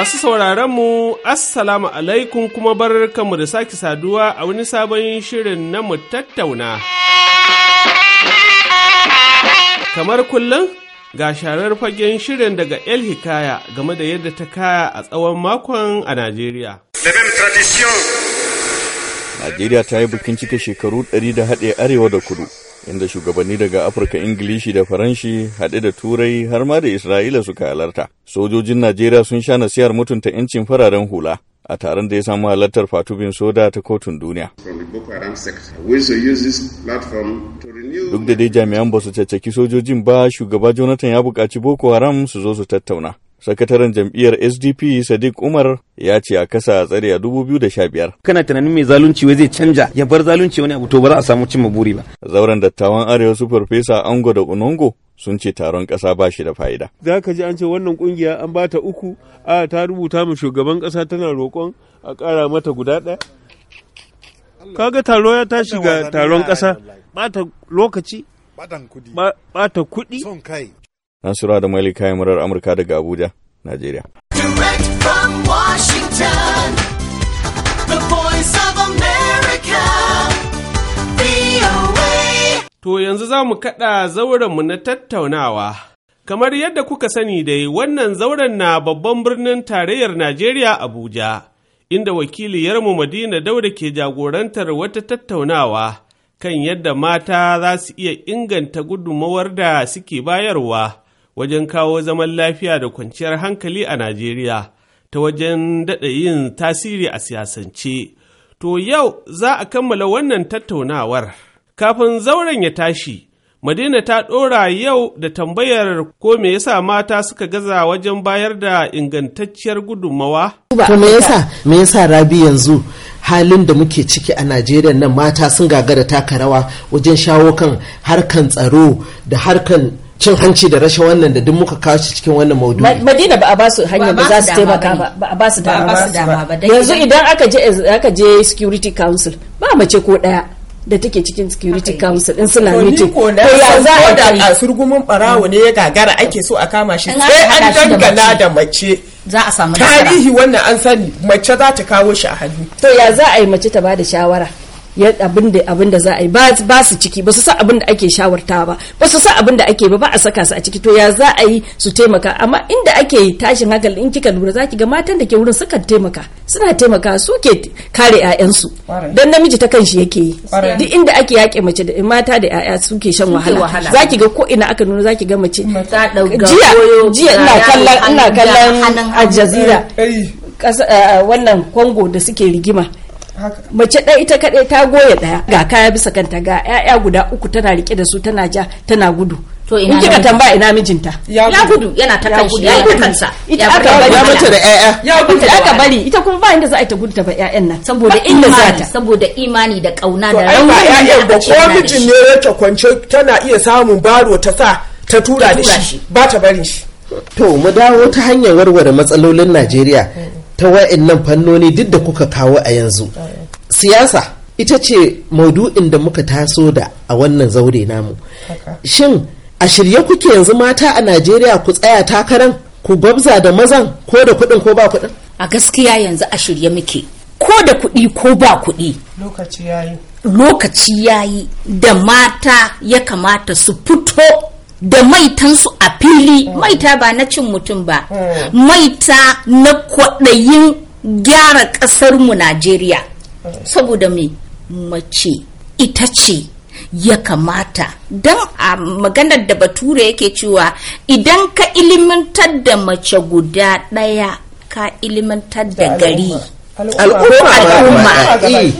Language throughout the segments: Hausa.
Masu sauraron mu Assalamu alaikum kuma bar mu da sake saduwa a wani sabon shirin na mu tattauna. Kamar kullum ga sharar fagen shirin daga El Hikaya game da yadda ta kaya a tsawon makon a Najeriya. Najeriya ta yi bikin cika shekaru 100 da haɗe arewa da kudu. inda shugabanni daga Afirka Ingilishi da Faranshi haɗe da Turai har ma da Isra'ila suka halarta. Sojojin Najeriya sun sha nasiyar mutunta 'yancin fararen hula a taron da ya samu halartar Fatubin Soda ta Kotun Duniya. Duk da dai jami'an ba su caccaki sojojin ba, shugaba Jonathan ya buƙaci Boko Haram su zo su tattauna. sakataren jam'iyyar sdp sadiq umar ya ce a kasa a tsare a 2015 kana tunanin mai zalunci wai zai canja ya bar zalunci wani abu to ba za a samu cimma buri ba zauren dattawan arewa su farfesa ango da unongo sun ce taron kasa ba shi da fa'ida. Za ka ji an ce wannan kungiya an ba ta uku, a ta rubuta ma shugaban kasa tana roƙon a ƙara mata guda ɗaya. Kaga taro ya tashi ga taron ƙasa, ta lokaci, Ba ta kuɗi, Nasura da mali ya murar Amurka daga Abuja, Najeriya. To yanzu za mu kaɗa zaurenmu na tattaunawa. Kamar yadda kuka sani dai wannan zauren na babban birnin tarayyar Najeriya Abuja, inda wakiliyarmu Madina Dauda ke jagorantar wata tattaunawa kan yadda mata za su iya inganta gudunmawar da suke bayarwa. wajen kawo zaman lafiya da kwanciyar hankali a Najeriya ta wajen daɗa yin tasiri a siyasance. To yau za a kammala wannan tattaunawar. Kafin zauren ya tashi, Madina ta ɗora yau da tambayar ko me yasa mata suka gaza wajen bayar da ingantacciyar gudunmawa? To me yasa me yasa Rabi yanzu halin da muke ciki a Najeriya nan mata sun gagara taka rawa wajen shawo kan harkan tsaro da harkan cin hanci da rashin wannan da duk muka kawo cikin wannan maudu. madina ba a ba su hanyar da za su taimaka ba ba a ba su dama ba yanzu idan aka je aka je security council ba mace ko daya da take cikin security council in suna meeting ko ya za a da kasurgumin barawo ne ya gagara ake so a kama shi sai an dangana da mace za a samu tarihi wannan an sani mace za ta kawo shi a hannu to ya za a yi mace ta ba da shawara abin da za a yi ba su ciki ba su sa abin ake shawarta ba ba su sa abin ake ba ba a saka su a ciki to ya za a yi su taimaka amma inda ake tashin hankali in kika lura za ki ga matan da ke wurin suka taimaka suna taimaka su ke kare 'ya'yansu don namiji ta kan shi yake yi duk inda ake yaƙe mace da mata da 'ya'ya su ke shan wahala za ki ga ko ina aka nuna za ki ga mace jiya jiya ina kallon ina kallon a jazira eh, eh. eh, wannan kongo da suke rigima mace ɗaya ita kaɗai ta goya ɗaya ga kaya bisa kanta ga 'ya'ya guda uku tana rike da su tana ja tana gudu to ina kika tambaya ina mijinta ya gudu yana ta kan shi ya kansa ita aka bari ya mace da ƴaƴa ya gudu aka bari ita kuma ba inda za a yi ta gudu ta ba ƴaƴan nan saboda inda za ta saboda imani da kauna da rauni ƴaƴan da ko mijin ne yake kwance tana iya samun baro ta sa ta tura da shi ba ta barin shi to mu dawo ta hanyar warware matsalolin Najeriya ta nan fannoni duk da kuka kawo a yanzu siyasa ita ce maudu'in da muka taso da a wannan zaure namu shin a shirye kuke yanzu mata a najeriya ku tsaya takaran ku gwabza da mazan ko da kuɗin ko ba kuɗin a gaskiya yanzu a shirye muke ko da kuɗi ko ba kuɗi lokaci yayi lokaci yayi da mata ya kamata su fito da maitansu a fili mm. maita ba na cin mutum ba mm. maita na kwaɗayin gyara ƙasarmu najeriya mm. saboda me mace ita ce ya kamata don a maganar da bature yake cewa idan ka ilimantar da mace guda ɗaya ka ilimantar da gari al'umma eh.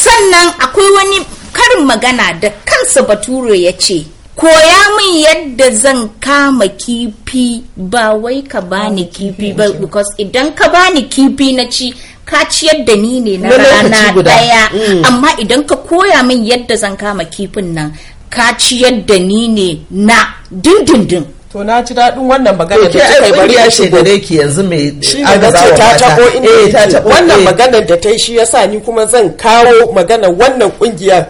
sannan akwai wani karin magana da kansa bature ya ce koya min yadda zan kama kifi ba wai ka bani kifi ba because idan ka bani kifi na ci ka ciyar da ni ne na rana daya mm. amma idan ka koya min yadda zan kama kifin nan ka ciyar da ni ne na dindindin to na ci daɗin wannan magana da kika yi bari ya shigo da ki yanzu mai aga ce ta tabo inda eh ta tabo wannan magana da ta yi shi yasa ni kuma zan kawo magana wannan kungiyar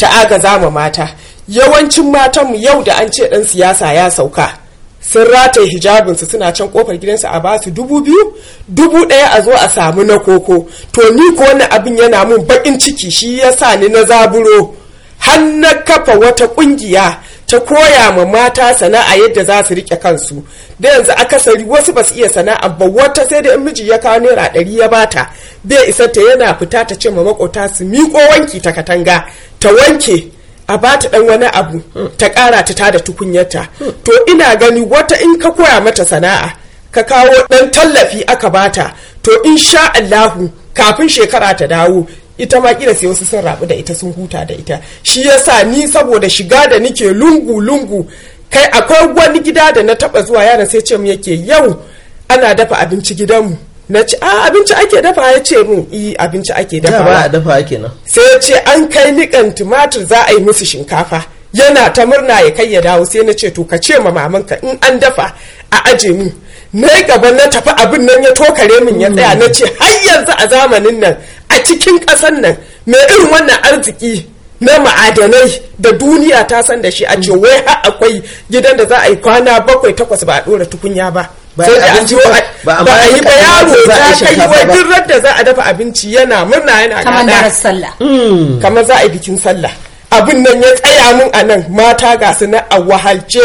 ta agaza ma mata yawancin matanmu yau da an ce ɗan siyasa ya sauka sun rata hijabinsu suna can kofar gidansu a basu dubu biyu dubu ɗaya a zo a samu na koko to ni ko wani abin yana mun baƙin ciki shi ya sa ni na zaburo har na kafa wata ƙungiya ta koya ma mata sana'a yadda za su rike kansu da yanzu akasari wasu ba su iya sana'a ba wata sai da miji ya kawo naira ɗari ya bata bai isa ta yana fita ta ce ma makota su miko wanki ta katanga ta wanke a ba ta dan wani abu ta kara ta tada tukunyarta to ina gani wata in ka koya mata sana'a ka kawo dan tallafi aka bata to in sha Allahu kafin shekara ta dawo ita ma kila sai wasu sun rabu da ita sun huta da ita shi yasa ni saboda shiga da nike lungu lungu kai akwai wani gida da na taba zuwa yana sai ce mu yake yau ana dafa abinci gidanmu na ci a ah, abinci ake dafa ya ce min i e, abinci ake dafa ba a dafa ake nan sai ce an kai nikan tumatir za a yi musu shinkafa yana ta murna ya kai ya dawo sai na ce to ka ce ma mamanka in an dafa a aje mu na gaba na tafi abin nan ya tokare min ya tsaya na ce har yanzu a zamanin nan a cikin ƙasan nan me irin wannan arziki na ma'adanai da duniya ta san da shi a ce wai har akwai gidan da za a yi kwana bakwai takwas ba a ɗora tukunya ba ba a yi ba yaro ta kai wai duk za a dafa abinci yana murna yana kamar sallah hmm. kamar za a yi bikin sallah abin nan ya tsaya mun a nan mata ga su na a wahalce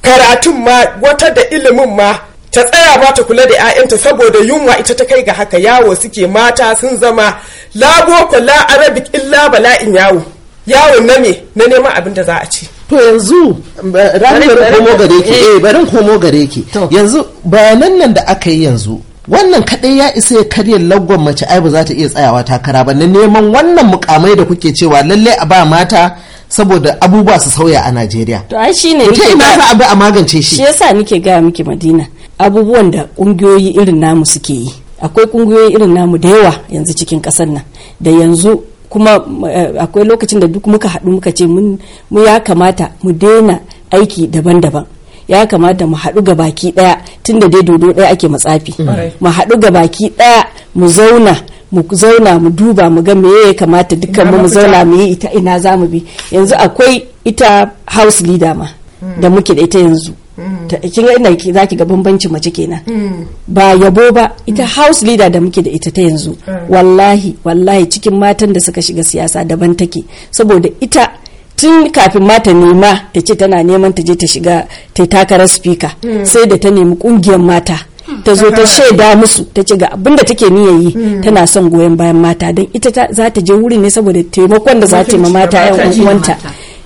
karatun ma wata da ilimin ma ta tsaya ba ta kula da 'ya'yanta saboda yunwa ita ta kai ga haka yawo suke mata sun zama labo la arabic illa bala'in yawo yawon na me na neman abin da za a ci to yanzu eh, ranar komo gare ki eh barin komo gare ki yanzu bayanan nan da aka yi yanzu wannan kaɗai ya isa ya karya lagwan mace ai ba za ta iya tsayawa takara ba na neman wannan mukamai da kuke cewa lalle a ba mata saboda abubuwa su sauya a Najeriya. To ai shine ne ina a magance shi. Shi yasa nike gaya miki Madina abubuwan da kungiyoyi irin namu suke yi. Akwai kungiyoyi irin namu da yawa yanzu cikin ƙasar nan da yanzu kuma eh, akwai lokacin da duk muka haɗu muka ce mu ya kamata mu daina aiki daban-daban ya kamata mu haɗu ga baki ɗaya tun da dai dodo ɗaya ake matsafi mm. mu haɗu ga baki ɗaya mu zauna mu zauna mu duba mu ga me ya kamata dukkan mu zauna mu yi ita ina za mu bi yanzu akwai ita house leader ma mm. da muke da ita yanzu Mm. kin ga inda za ki ga bambancin mace kenan mm. ba yabo ba ita house leader da muke da ita ta yanzu mm. wallahi wallahi cikin matan da suka shiga siyasa daban take saboda ita tun kafin mata nema ta ce tana neman ta je ta shiga ta takarar speaker sai da ta nemi kungiyar mata ta zo ta shaida musu ta ce ga abinda take niyya yi tana son goyon bayan mata don ita za ta je wurin ne saboda taimakon da za ta ma mata 'yan uwanta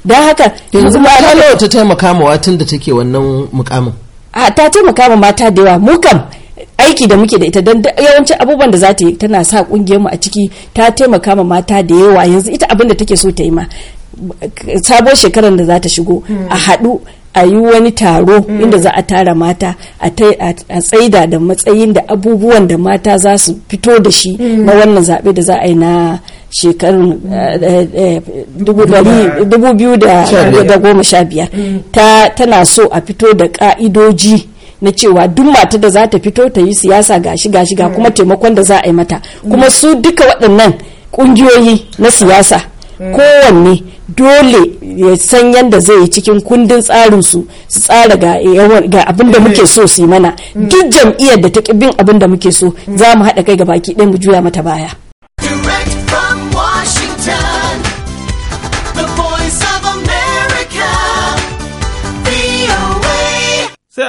don haka yanzu ta nawa ta taimaka ma watan da take wannan mukamin a ta taimaka ma mata da yawa mu kam aiki da muke da ita don yawancin abubuwan da za ta yi tana sa mu a ciki ta taimaka ma mata da yawa yanzu ita abin da take so ta yi ma sabon shekarar da za ta shigo a hmm. haɗu a yi wani taro hmm. inda za a tara mata a tsaida da matsayin da abubuwan da mata za su fito da shi hmm. na wannan zaɓe da za a yi na shekarun eh, dubu biyu sha biyar tana so a fito da ka'idoji na cewa duk mata da za ta fito ta yi siyasa ga gashi ga kuma taimakon da za a yi mata kuma su duka waɗannan ƙungiyoyi na siyasa kowanne dole ya san yadda zai yi cikin kundin tsarinsu su tsara ga abin da muke so su yi mana duk jam'iyyar da ta ƙi bin abin da muke so za mu haɗa kai ga baki ɗaya mu juya mata baya.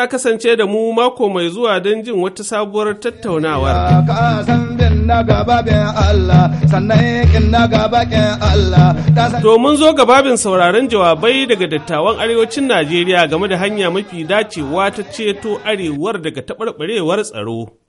a kasance da mu mako mai zuwa don jin wata sabuwar tattaunawar. To mun zo gababin sauraron jawabai daga dattawan arewacin Najeriya game da hanya mafi dacewa ta ceto arewar daga taɓarɓarewar tsaro.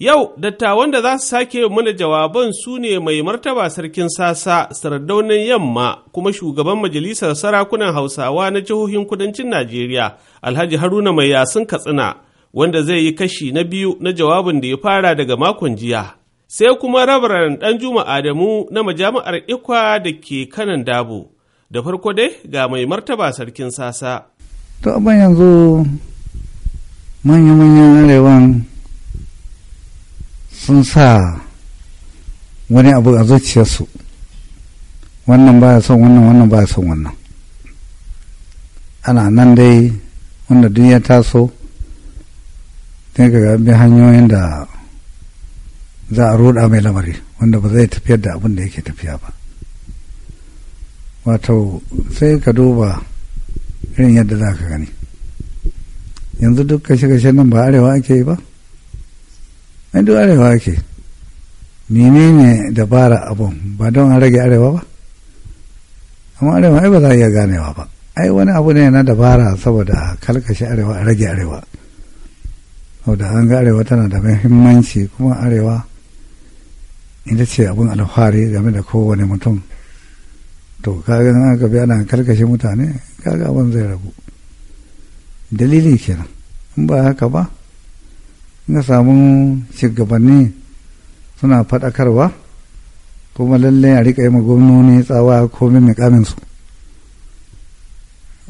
Yau, dattawan da za su sake mana jawaban su ne mai martaba sarkin sasa, sardaunin yamma, kuma shugaban majalisar sarakunan Hausawa na jihohin kudancin Najeriya, Alhaji Haruna Mai Yasin Katsina, wanda zai yi kashi na biyu na jawabin da ya fara daga makon jiya. Sai kuma rabaran Juma Adamu na majami'ar Ikwa da ke kanan dabo. Da farko dai ga mai martaba sarkin sasa. To, yanzu manya-manyan arewan sun sa wani abu a zuciyarsu wannan ba son wannan wannan ba son wannan ana nan dai wanda duniya taso sai ga bi hanyoyin da za a roda mai lamari wanda ba zai tafiyar da abin da yake tafiya ba wato sai ka duba irin yadda za ka gani yanzu duk kashe-kashe nan ba arewa ake yi ba an duk arewa ke menene dabara abun ba don an rage arewa ba amma arewa ai ba za a iya ganewa ba ai wani abu ne na dabara saboda kalkashi arewa a rage arewa saboda an ga arewa tana da muhimmanci kuma arewa ita ce abun alfahari game da kowane mutum to kaga an aka ana kalkashe mutane kaga abin zai ragu dalili kenan in ba haka ba na samu shugabanni suna faɗakarwa kuma lallai a riƙa yi ma gwamnoni tsawa ko min mukaminsu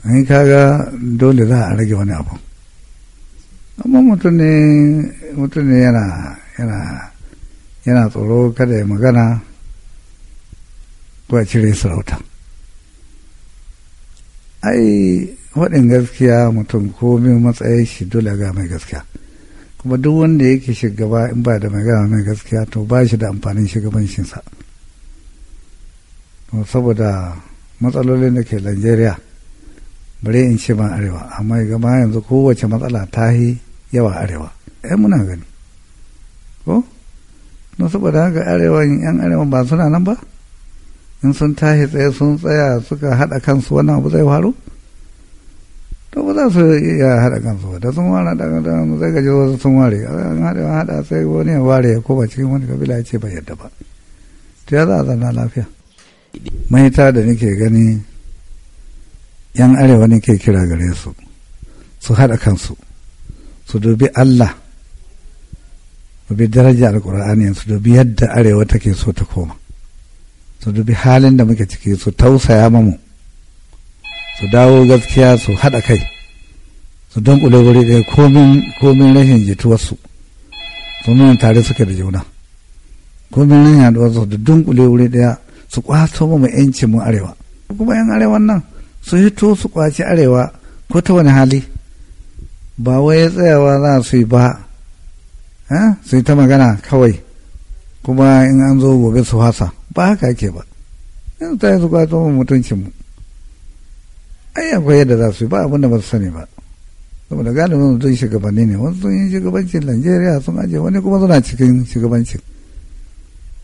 an kaga dole za a rage wani abu amma mutum ne yana tsoro kada ya magana ko a cire sarauta ai waɗin gaskiya mutum komin matsayin shi dole ga mai gaskiya kuma duk wanda yake shugaba in ba da magana mai gaskiya to ba shi da amfanin shugabancinsa saboda matsalolin da ke Najeriya bare in ce ba arewa amma gama yanzu kowace matsala ta yi yawa arewa ai eh, muna gani ko saboda haka arewa yan arewa ba suna nan ba in sun tashi tsaye sun tsaya suka haɗa kansu wannan abu zai faru to ba za su iya haɗa kansu ba da sun wara da kansu sai ka wasu sun ware an haɗa sai wani ya ware ya ba cikin wani kabila ya ce ba yadda ba to ya za a zana lafiya maita da nake gani yan arewa ne ke kira gare su su haɗa kansu su dubi Allah su bi daraja alkur'ani su dubi yadda arewa take so ta koma su dubi halin da muke ciki su tausaya mamu su dawo gaskiya su haɗa kai su dunkule wuri ɗaya komin rashin jituwarsu su nuna tare suke da juna komin rashin yaduwarsu da dunkule wuri ɗaya su kwaso mu yanci mu arewa kuma yan arewan nan su hito su kwaci arewa ko ta wani hali ba wai tsayawa za su yi ba eh, su yi ta magana kawai kuma in an zo gobe su hasa ba haka ke ba yanzu ta yi su kwaso mu mutuncinmu ai akwai yadda za su yi ba abin ba su sani ba saboda galibin mutum shugabanni ne wasu sun yi shugabancin najeriya sun aje wani kuma suna cikin shugabancin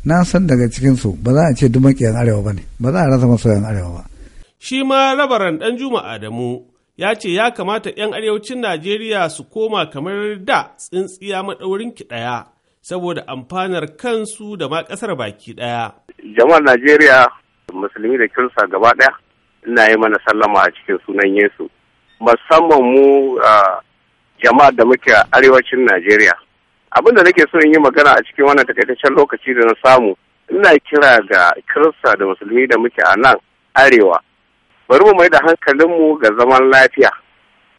na san daga cikinsu ba za a ce duk makiyan arewa ba ne ba za a rasa masoyan arewa ba shi ma rabaran dan juma adamu ya ce ya kamata 'yan arewacin najeriya su koma kamar da tsintsiya maɗaurin ki ɗaya saboda amfanar kansu da ma ƙasar baki ɗaya jama'ar najeriya musulmi da kirista gaba ɗaya ina yi mana sallama a cikin sunan Yesu musamman mu jama'a da muke a arewacin Najeriya abin da nake so in yi magana a cikin wannan takaitaccen lokaci da na samu ina kira ga Kirista da Musulmi da muke a nan arewa bari mu mai da mu ga zaman lafiya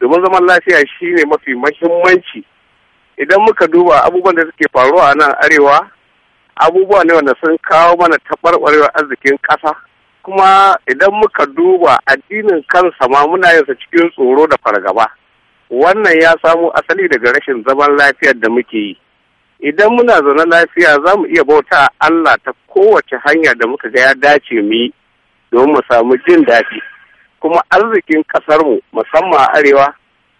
domin zaman lafiya shine mafi mahimmanci idan muka duba abubuwan da suke faruwa a nan arewa abubuwa ne wanda sun kawo mana taɓarɓarewar arzikin ƙasa kuma idan muka duba addinin kansa ma muna yinsa cikin tsoro da fargaba wannan ya samo asali daga rashin zaman lafiyar da muke yi idan muna zaune lafiya za mu iya bauta Allah ta kowace hanya da muka ga ya dace mu yi domin mu samu jin daɗi kuma arzikin ƙasarmu musamman a arewa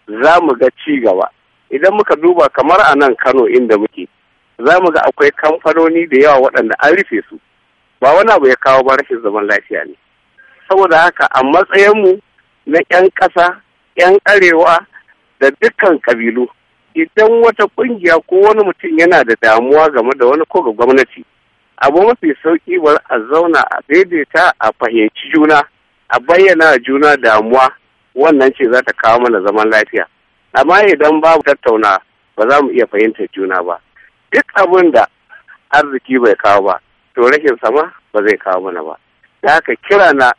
za mu ga ci gaba idan muka duba kamar a nan kano inda muke za mu ga akwai kamfanoni da yawa waɗanda an rufe su ba wani abu ya kawo ba rashin zaman lafiya ne saboda haka a matsayinmu na 'yan ƙasa 'yan ƙarewa, da dukkan ƙabilu idan wata ƙungiya ko wani mutum yana da damuwa game da wani ko ga gwamnati abu mafi sauƙi bar a zauna a daidaita a fahimci juna a bayyana juna damuwa wannan ce za ta kawo mana zaman lafiya amma idan babu tattauna ba za mu iya fahimtar juna ba duk abin da arziki bai kawo ba to rashin sama ba zai kawo mana ba da haka kira na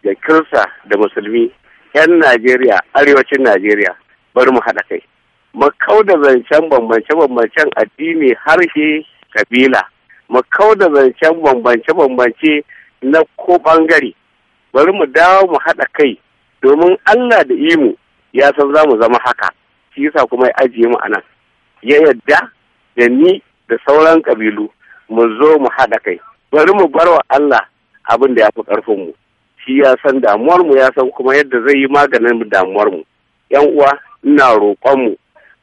da kirsa da musulmi 'yan najeriya arewacin najeriya bari mu haɗa kai mu da zancen bambance-bambancen addini harshe kabila mu da zancen bambance-bambance na ko bangare bari mu dawo mu haɗa kai domin allah da imu ya san za mu zama haka shi yasa kuma ya ajiye mu anan ya yadda da ni da sauran kabilu mu zo mu haɗa kai bari mu bar wa Allah abin da ya fi ƙarfinmu shi ya san mu ya san kuma yadda zai yi maganin mu. yan uwa ina roƙonmu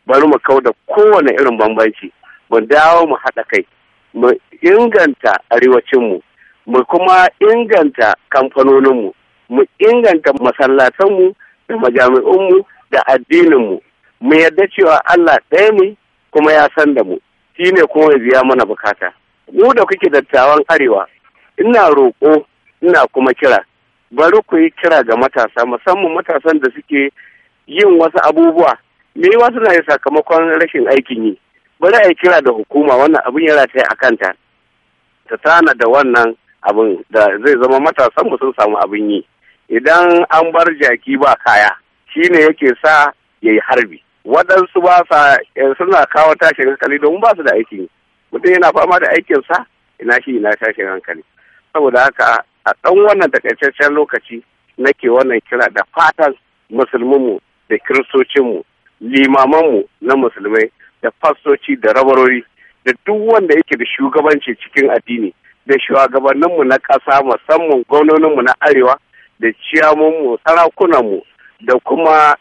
bari mu kau da kowane irin bambanci mu dawo mu haɗa kai mu inganta arewacinmu mu kuma inganta kamfanoninmu mu inganta masallatanmu da majami'unmu da addininmu mu yadda cewa Allah ɗaya ne kuma ya san da mu shi ne kuma ya biya mana bukata mu da kuke dattawan arewa ina roƙo ina kuma kira bari ku yi kira ga matasa musamman matasan da suke yin wasu abubuwa me yiwa suna yi sakamakon rashin aikin yi bari a yi kira da hukuma wannan abin yana ta a kanta ta tana da wannan abin da zai zama matasan mu sun samu abin yi idan an bar jaki ba kaya shi ne yake sa ya yi harbi waɗansu ba sa eh, suna kawo tashin hankali domin ba su da aikin yi mutum yana fama da aikinsa ina shi ina tashin hankali saboda haka a ɗan wannan takaitaccen lokaci nake wannan kira da fatan musulminmu da kiristocinmu limamanmu na musulmai da fastoci da rabarori da duk wanda yake da shugabanci cikin addini da shugabanninmu na ƙasa musamman gwamnoninmu na arewa da ciyamunmu sarakunanmu da kuma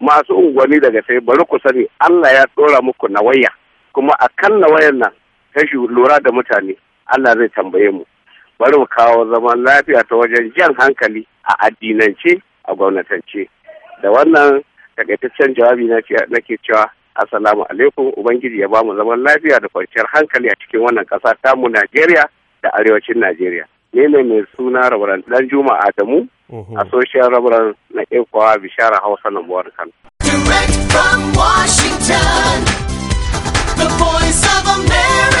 masu unguwanni daga sai bari ku sani Allah ya ɗora muku nawaya kuma a kan nawayan nan tashi lura da mutane Allah zai tambaye mu bari mu kawo zaman lafiya ta wajen jan hankali a addinance a gwamnatance da wannan takaitaccen jawabi nake cewa assalamu alaikum ubangiji ya bamu zaman lafiya da kwanciyar hankali a cikin wannan ƙasa tamu Najeriya da arewacin Najeriya ne ne mai suna rabaran dan Juma Adamu a social rabaran na ikowa Bishara Hausa na Buwar Kano direct Washington the voice of America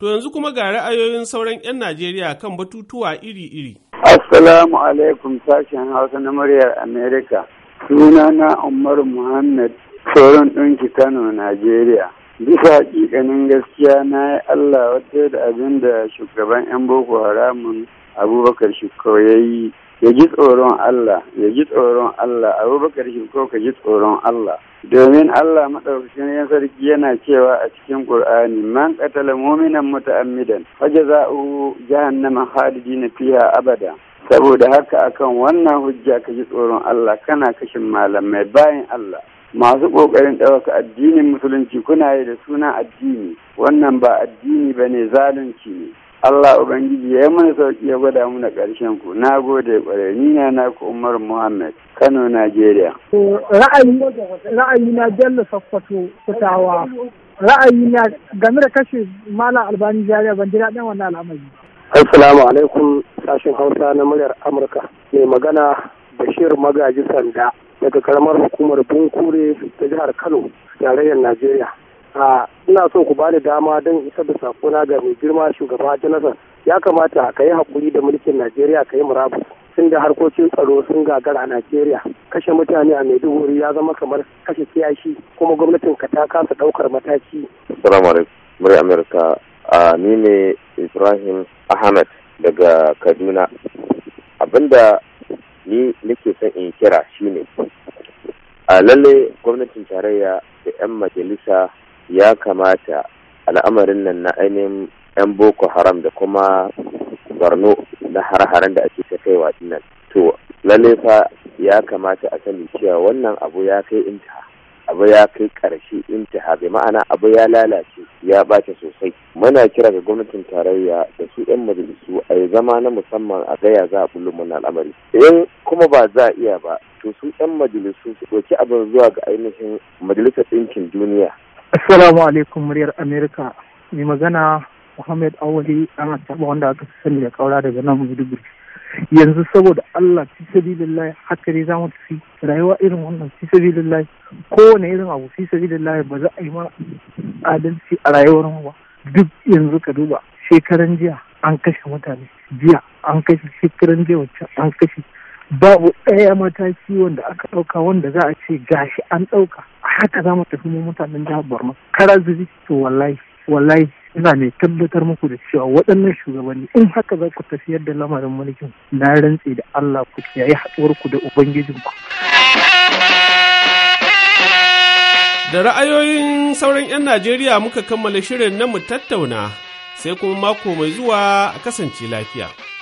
To yanzu kuma ga ra'ayoyin sauran 'yan Najeriya kan batutuwa iri-iri. Assalamu alaikum sashen Hausa na muryar Amerika. Sunana Umar Muhammad sauran ɗinki Kano, Najeriya. Bisa ƙiƙanin gaskiya na yi Allah wata da abin da shugaban 'yan Boko Haramun Abubakar Shukko ya yi. Ya ji tsoron Allah, ya ji tsoron Allah, Abubakar Shukko ka ji tsoron Allah. domin Allah maɗaukakin ya sarki yana cewa a cikin Ƙur'ani man qatala mu'minan muta'ammidan fajaza'uhu jahannama khalidina fiha abada saboda haka akan wannan hujja ka ji tsoron Allah kana kashin malamai bayan Allah masu ƙoƙarin ɗaukaka addinin musulunci kuna yi da sunan addini wannan ba addini ba ne zalunci ne Allah Ubangiji ya mana sauki ya gwada mana ƙarshen ku. Na gode ƙware Ni na ku Umar Muhammad, Kano, Najeriya. Ra'ayi na Bello sakwato fitawa. Ra'ayi na game da kashe Malam Albani Jariya ban ji daɗin wannan al'amari. Assalamu alaikum sashen Hausa na muryar Amurka. Mai magana Bashir Magaji Sanda daga karamar hukumar Bunkure ta jihar Kano, tarayyar Najeriya. ina so ku bani dama don isa da sakona ga mai girma shugaba jonathan ya kamata ka yi hakuri da mulkin najeriya ka yi murabus sun da harkokin tsaro sun gagara a najeriya kashe mutane a maiduguri ya zama kamar kashe kiyashi kuma gwamnatin ka ta kasa ɗaukar mataki assalamu alaikum amurka ni ne ibrahim ahmed daga kaduna abinda ni nake son in kira shine a lalle gwamnatin tarayya da 'yan majalisa ya kamata al'amarin nan na ainihin 'yan boko haram da kuma barno na har-haren da ake ta kaiwa nan to lalle ya kamata a sani cewa wannan abu ya kai inta abu ya kai ƙarshe intiha bai ma'ana abu ya lalace ya ɓace sosai muna kira ga gwamnatin tarayya da su 'yan majalisu a yi zama na musamman a gaya za a bullum muna al'amari in kuma ba za a iya ba to su 'yan majalisu su ɗauki abin zuwa ga ainihin majalisar ɗinkin duniya Assalamu alaikum muryar Amerika. Mai magana Muhammad Awali an taɓa wanda aka sani da kaura daga nan Maiduguri. Yanzu saboda Allah fi sabilillahi haka ne za mu tafi rayuwa irin wannan fi sabilillahi kowane irin abu fi sabilillahi ba za a yi ma adalci a rayuwar mu ba. Duk yanzu ka duba shekaran jiya an kashe mutane jiya an kashe shekaran jiya wacce an kashe babu ɗaya mataki wanda aka ɗauka wanda za a ce gashi an ɗauka haka za mu tafi mu mutanen jihar Borno kara zubi to wallahi wallahi ina mai tabbatar muku da cewa waɗannan shugabanni in haka za ku tafiyar da lamarin mulkin na rantse da Allah ku yi haɗuwar ku da ku. Da ra'ayoyin sauran 'yan Najeriya muka kammala shirin na mu tattauna sai kuma mako mai zuwa a kasance lafiya.